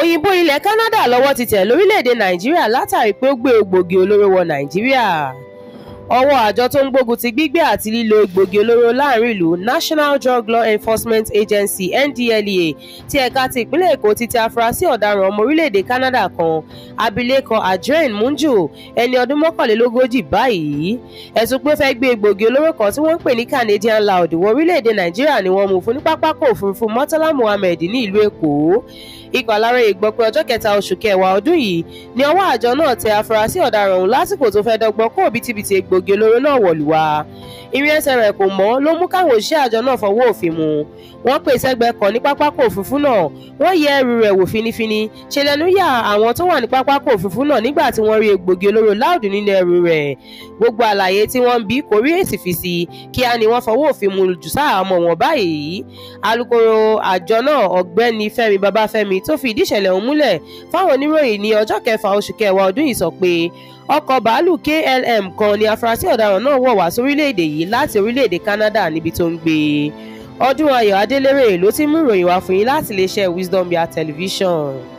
òyìnbó ilẹ̀ canada lowó ti tẹ̀ lórílẹ̀‐èdè nàíjíríà látàrí pé ó gbé egbòogi olóró wọ nàìjíríà ọwọ́ àjọ tó ń gbógun ti gbígbé àti lílo egbògi olóró láàrin ìlú National Drug Law Enforcement Agency NDLEA ti ẹ̀ka ti ìpínlẹ̀ Èkó ti tẹ afurasí ọ̀daràn ọmọ orílẹ̀-èdè Canada kan abilékọ Adrienne Munju ẹni ọdún mọ́kànlélógójì báyìí ẹ̀sùn pé ó fẹ́ gbé egbògi olóró kan tí wọ́n ń pè ní Canadian loud wọ orílẹ̀-èdè Nàìjíríà ni wọ́n mú fún ní pápákọ̀ òfurufú Murtala Muhammed ní ìlú Èkó ikọ̀ aláròye gbọ́ pé ọjọ́ kẹta oṣù kẹwàá ọdún yìí ni ọwọ́ àjọ náà tẹ afurasí ọ̀daràn ọ̀hún lásìkò tó fẹ́ dọ́gbọ́n kó òbítíbitì egbò egbògi olóró náà wọ̀lú wa ìrìnsẹ̀ rẹ̀ kò mọ́ ló mú káwọn òṣìṣẹ́ àjọ náà fọwọ́ òfin mú un wọ́n pè sẹ́gbẹ́ kan ní pápákọ̀ òfurufú náà wọ́n yẹ ẹrù rẹ̀ wò finifini ṣẹlẹ̀nú yà àwọn tó wà ní pápákọ̀ òfurufú náà nígbà tí wọ́n rí egbògi olóró láòdù nínú ẹrù rẹ̀ gbogbo àlàyé tí wọ́n ń bí kò rí èsì fi sí kíá ni wọ́n fọwọ́ òfin mú jù sáàmọ̀ wọn báyìí alukoro àjọ náà ọ̀gbẹ́ni Fẹ́mi Babáfẹ́mi tó fi ìdí ìṣẹ̀lẹ̀ ọ̀hún múlẹ̀ fáwọn oníròyìn ní ọjọ́ kẹfà oṣù kẹwàá ọdún yìí sọ pé ọkọ̀ bàálù KLM kan ni afurasí ọ̀daràn náà wọ̀ wá sórílẹ̀-èdè yìí láti orílẹ̀-èdè Canada níbi tó ń gbé e. ọdún ayọ̀ adélèrè ló ti mú ìròyìn wá fún yín láti iléeṣẹ́ Wisdom via television.